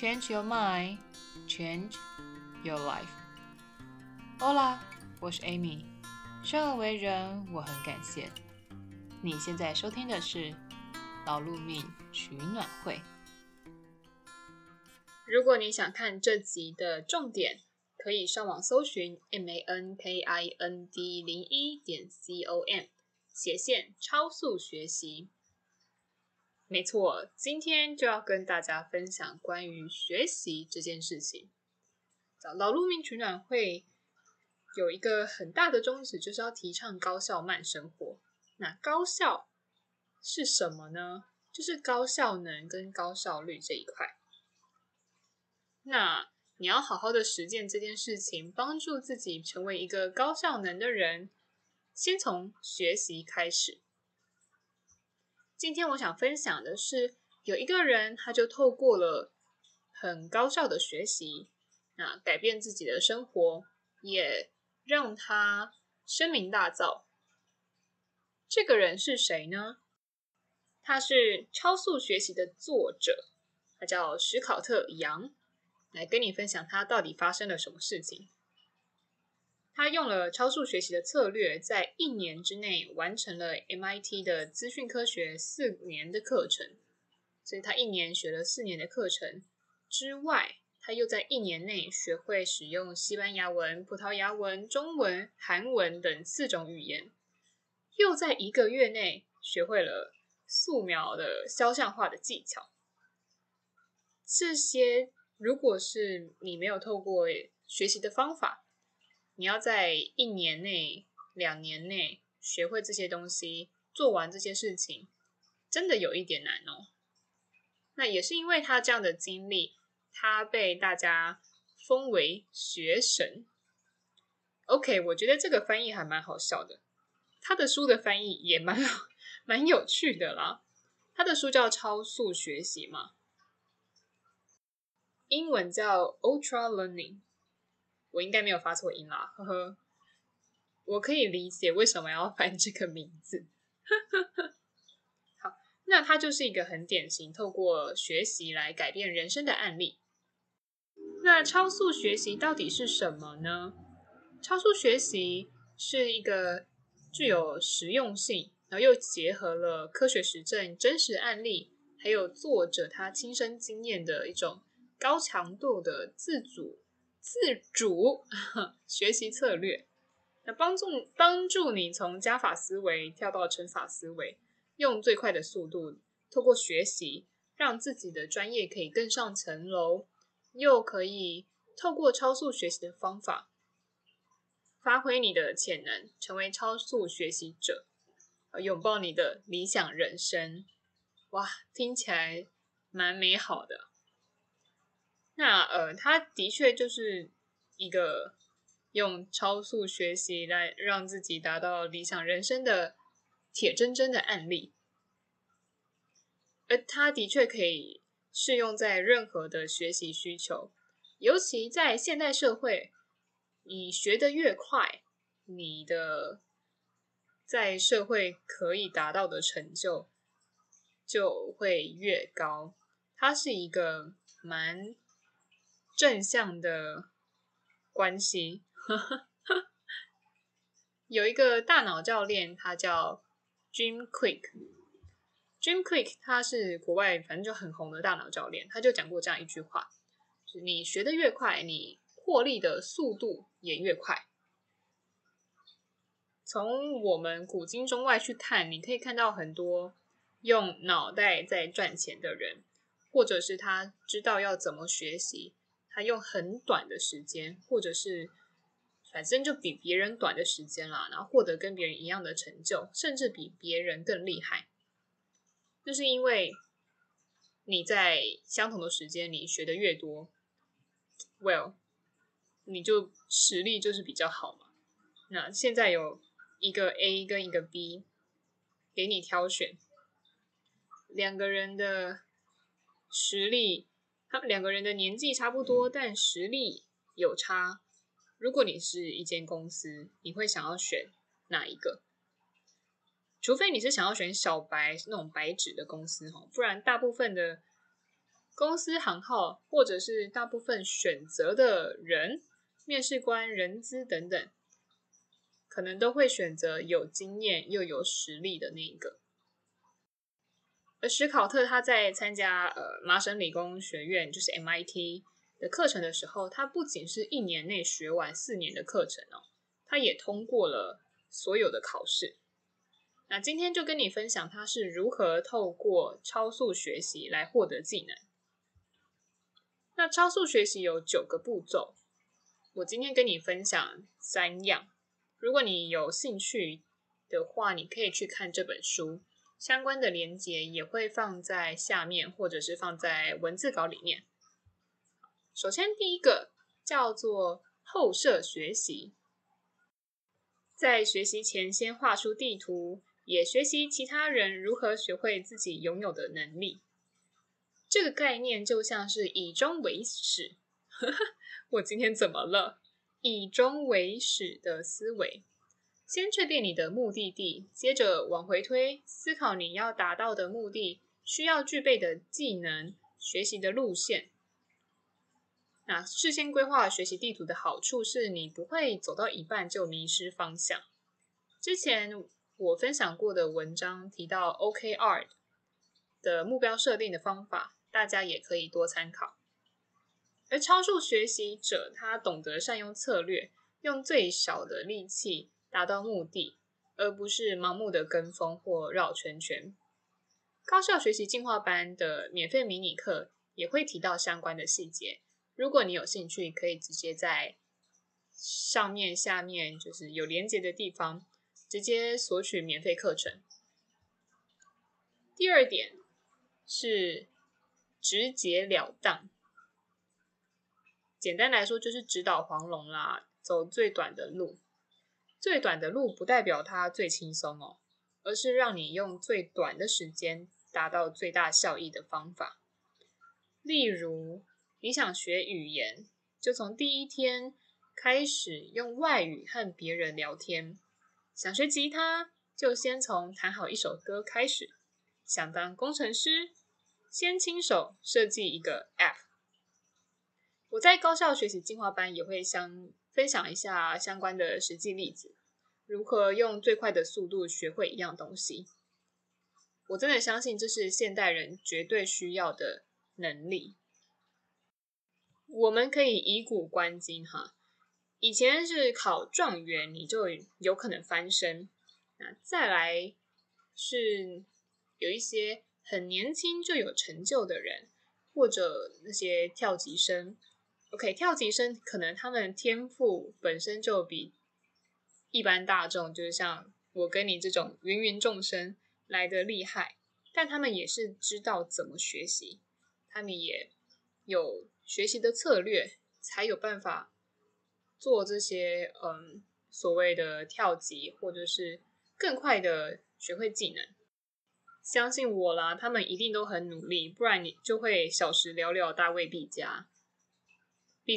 Change your mind, change your life. Hola，我是 Amy。生而為人，我很感謝。你現在收聽的是《勞碌命取暖會》。如果你想看這集的重點，可以上網搜尋 mankind 零一點 com 斜線超速學習。沒錯，今天就要跟大家分享關於學習這件事情。勞碌命取暖會有一個很大的宗旨，就是要提倡高效慢生活。那高效是什麼呢？就是高效能跟高效率這一塊。那你要好好的實踐這件事情，幫助自己成為一個高效能的人，先從學習開始。今天我想分享的是，有一個人，他就透過了很高效的學習，啊，改變自己的生活，也讓他聲名大噪。這個人是誰呢？他是《超速學習》的作者，他叫史考特·楊，來跟你分享他到底發生了什麼事情。他用了超速學習的策略，在一年之內完成了 MIT 的資訊科學四年的課程，所以他一年學了四年的課程之外，他又在一年內學會使用西班牙文、葡萄牙文、中文、韓文等四種語言，又在一個月內學會了素描的肖像畫的技巧。這些如果是你沒有透過學習的方法，你要在一年內、兩年內學會這些東西，做完這些事情，真的有一點難哦。那也是因為他這樣的經歷，他被大家封為“學神”。OK，我覺得這個翻譯還蠻好笑的。他的書的翻譯也蠻蠻有趣的啦。他的書叫《超速學習》嘛。英文叫《Ultra Learning》。我應該沒有發錯音啦，呵呵。我可以理解為什麼要翻這個名字。 好，那它就是一個很典型透過學習來改變人生的案例。那超速學習到底是什麼呢？超速學習是一個具有實用性，然後又結合了科學實證、真實案例，還有作者他親身經驗的一種高強度的自主。自主學習策略，那幫助幫助你從加法思維跳到乘法思維，用最快的速度，透過學習，讓自己的專業可以更上層樓，又可以透過超速學習的方法，發揮你的潛能，成為超速學習者，擁抱你的理想人生。哇，聽起來蠻美好的。那呃，他的確就是一個用超速學習來讓自己達到理想人生的鐵錚錚的案例，而他的確可以適用在任何的學習需求，尤其在現代社會，你學得越快，你的在社會可以達到的成就就會越高。它是一個蠻正向的關係， 有一個大腦教練，他叫 Jim Kwik。Jim Kwik 他是國外，反正就很紅的大腦教練，他就講過這樣一句話，就是你學得越快，你獲利的速度也越快。從我們古今中外去看，你可以看到很多用腦袋在賺錢的人，或者是他知道要怎麼學習。他用很短的時間，或者是反正就比別人短的時間啦，然後獲得跟別人一樣的成就，甚至比別人更厲害，就是因為你在相同的時間裡學的越多，Well，你就實力就是比較好嘛。那現在有一個 A 跟一個 B 給你挑選，兩個人的實力。他們兩個人的年紀差不多，但實力有差。如果你是一間公司，你會想要選哪一個？除非你是想要選小白，那種白紙的公司，不然大部分的公司行號，或者是大部分選擇的人、面試官、人資等等，可能都會選擇有經驗又有實力的那一個。而史考特他在參加呃麻省理工學院就是 MIT 的課程的時候，他不僅是一年內學完四年的課程哦，他也通過了所有的考試。那今天就跟你分享他是如何透過超速學習來獲得技能。那超速學習有九個步驟，我今天跟你分享三樣。如果你有興趣的話，你可以去看這本書。相關的連結也會放在下面，或者是放在文字稿裡面。首先，第一個叫做後設學習，在學習前先畫出地圖，也學習其他人如何學會自己擁有的能力。這個概念就像是以終為始。呵呵，我今天怎麼了？以終為始的思維。先確定你的目的地，接着往回推，思考你要達到的目的，需要具備的技能、學習的路線。那事先規劃學習地圖的好處是，你不會走到一半就迷失方向。之前我分享過的文章提到 OKR 的目標設定的方法，大家也可以多參考。而超速學習者，他懂得善用策略，用最少的力氣。達到目的，而不是盲目的跟風或繞圈圈。高效學習進化班的免費迷你課也會提到相關的細節，如果你有興趣，可以直接在上面、下面就是有連接的地方，直接索取免費課程。第二點是直截了當，簡單來說就是直搗黃龍啦，走最短的路。最短的路不代表它最輕鬆哦，而是讓你用最短的時間達到最大效益的方法。例如，你想學語言，就從第一天開始用外語和別人聊天；想學吉他，就先從彈好一首歌開始；想當工程師，先親手設計一個 app。我在高效學習進化班也會相。分享一下相關的實際例子，如何用最快的速度學會一樣東西。我真的相信這是現代人絕對需要的能力。我們可以以古觀今，哈，以前是考狀元，你就有可能翻身，那再來是有一些很年輕就有成就的人，或者那些跳級生。OK，跳級生可能他們天賦本身就比一般大眾，就是像我跟你這種芸芸眾生來的厲害，但他們也是知道怎麼學習，他們也有學習的策略，才有辦法做這些嗯所謂的跳級或者是更快的學會技能。相信我啦，他們一定都很努力，不然你就會小時了了，大未必佳。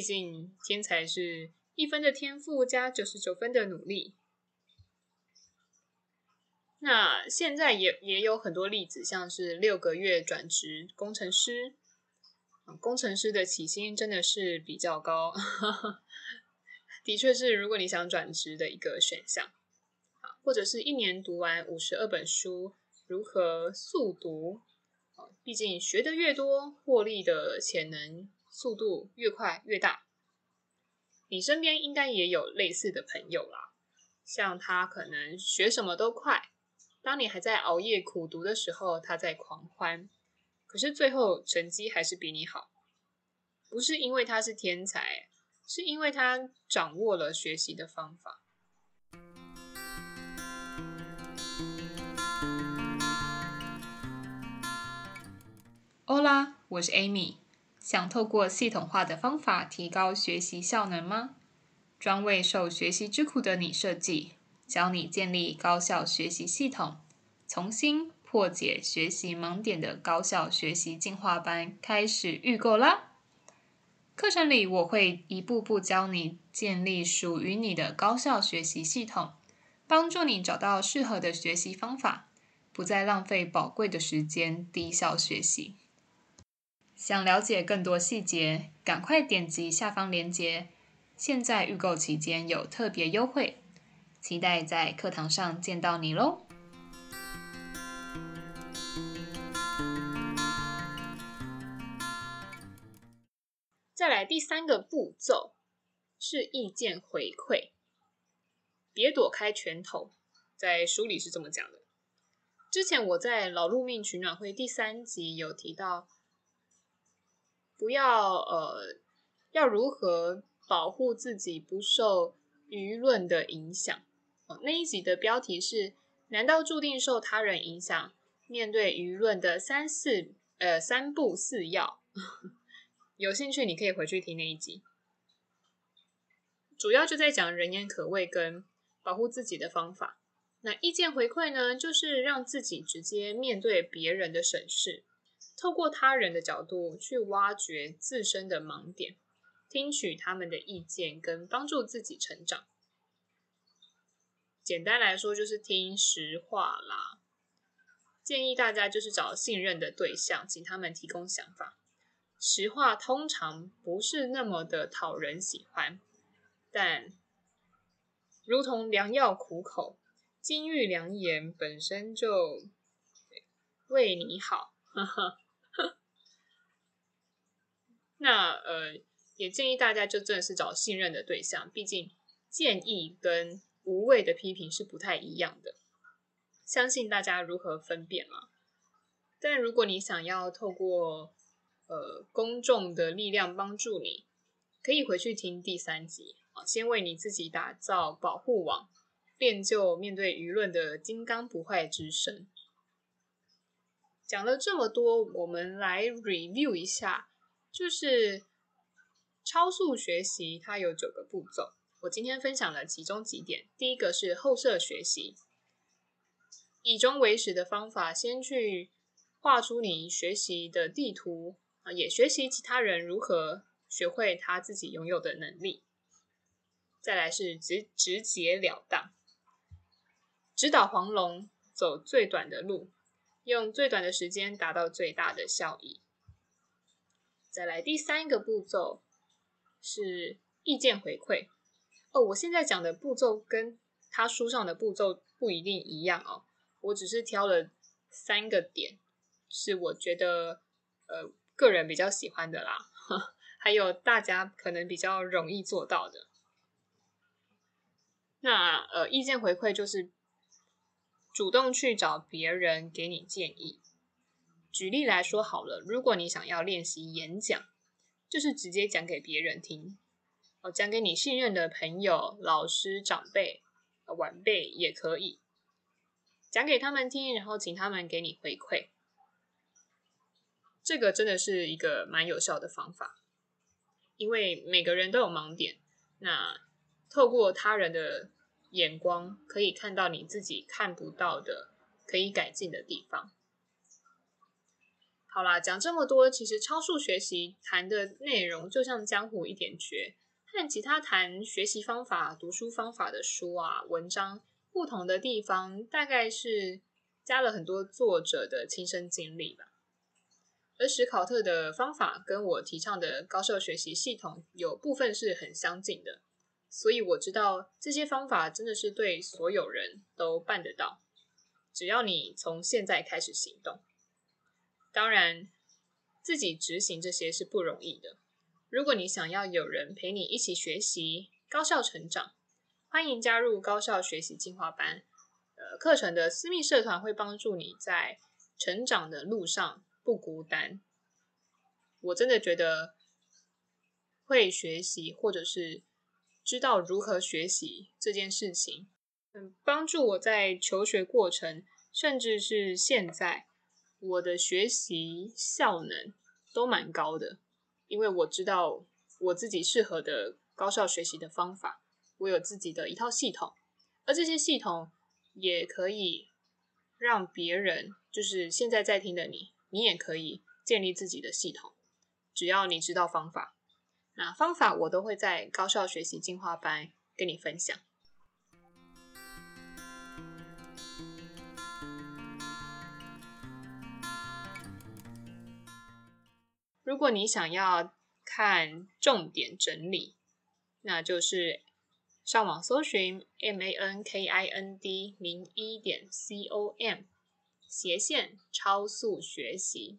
畢竟，天才是一分的天賦加九十九分的努力。那現在也也有很多例子，像是六個月轉職工程師，工程師的起薪真的是比較高， 的確是如果你想轉職的一個選項。或者是一年讀完五十二本書，如何速讀？畢竟學得越多，獲利的潛能，速度越快越大，你身邊應該也有類似的朋友啦。像他可能學什麼都快，當你還在熬夜苦讀的時候，他在狂歡。可是最後成績還是比你好，不是因為他是天才，是因為他掌握了學習的方法。歐拉，我是 Amy。想透過系統化的方法提高學習效能嗎？專為受學習之苦的你設計，教你建立高效學習系統，重新破解學習盲點的高效學習進化班開始預購啦！課程裡我會一步步教你建立屬於你的高效學習系統，幫助你找到適合的學習方法，不再浪費寶貴的時間低效學習。想了解更多細節，趕快點擊下方鏈接。現在預購期間有特別優惠，期待在課堂上見到你嘍！再來第三個步驟是意見回饋，別躲開拳頭。在書裡是這麼講的。之前我在《勞碌命取暖會》第三集有提到。不要呃，要如何保護自己不受輿論的影響？那一集的標題是“難道注定受他人影響？面對輿論的三四呃三不四要。” 有興趣你可以回去聽那一集，主要就在講人言可畏跟保護自己的方法。那意見回饋呢，就是讓自己直接面對別人的審視。透過他人的角度去挖掘自身的盲點，聽取他們的意見跟幫助自己成長。簡單來說就是聽實話啦。建議大家就是找信任的對象，請他們提供想法。實話通常不是那麼的討人喜歡，但如同良藥苦口，金玉良言本身就為你好。 那呃，也建議大家就正式找信任的對象，畢竟建議跟無謂的批評是不太一樣的。相信大家如何分辨嘛？但如果你想要透過呃公眾的力量幫助你，可以回去聽第三集啊，先為你自己打造保護網，練就面對輿論的金剛不壞之身。講了這麼多，我們來 review 一下。就是超速學習，它有九個步驟。我今天分享了其中幾點。第一個是後設學習，以終為始的方法，先去畫出你學習的地圖啊，也學習其他人如何學會他自己擁有的能力。再來是直直截了當，直搗黃龍，走最短的路，用最短的時間達到最大的效益。再來第三個步驟是意見回饋哦。我現在講的步驟跟他書上的步驟不一定一樣哦。我只是挑了三個點是我覺得呃，個人比較喜歡的啦，哈，還有大家可能比較容易做到的。那呃，意見回饋就是主動去找別人給你建議。舉例來說好了，如果你想要練習演講，就是直接講給別人聽。哦，講給你信任的朋友、老師、長輩、晚輩也可以，講給他們聽，然後請他們給你回饋。這個真的是一個蠻有效的方法，因為每個人都有盲點，那透過他人的眼光，可以看到你自己看不到的，可以改進的地方。好啦，講這麼多，其實超速學習談的內容就像江湖一點訣，和其他談學習方法、讀書方法的書啊文章不同的地方，大概是加了很多作者的親身經歷吧。而史考特的方法跟我提倡的高效學習系統有部分是很相近的，所以我知道這些方法真的是對所有人都辦得到，只要你從現在開始行動。當然，自己執行這些是不容易的。如果你想要有人陪你一起學習、高效成長，歡迎加入高效學習進化班。呃，課程的私密社團會幫助你在成長的路上不孤單。我真的覺得會學習，或者是知道如何學習這件事情，嗯，幫助我在求學過程，甚至是現在。我的學習效能都蠻高的，因為我知道我自己適合的高效學習的方法，我有自己的一套系統，而這些系統也可以讓別人，就是現在在聽的你，你也可以建立自己的系統，只要你知道方法。那方法我都會在高效學習進化班跟你分享。如果你想要看重點整理，那就是上網搜尋 m a n k i n d 零一點 c o m 斜線超速學習。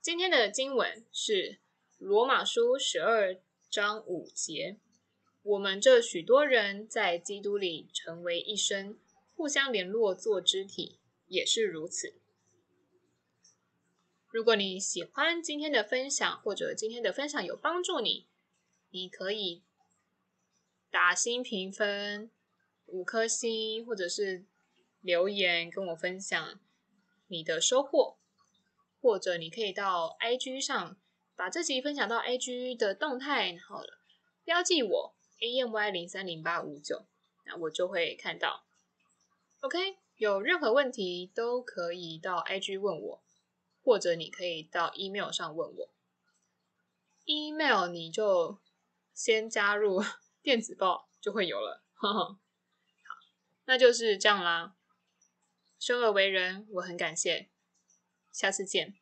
今天的經文是羅馬書十二章五節。我們這許多人在基督裡成為一身，互相聯絡做肢體，也是如此。如果你喜歡今天的分享，或者今天的分享有幫助你，你可以打星評分五顆星，或者是留言跟我分享你的收穫，或者你可以到 IG 上把這集分享到 IG 的動態，好了，標記我 AMY030859，那我就會看到。OK，有任何問題都可以到 IG 問我。或者你可以到 email 上問我，email 你就先加入電子報就會有了。呵呵好，那就是這樣啦。生而為人，我很感謝。下次見。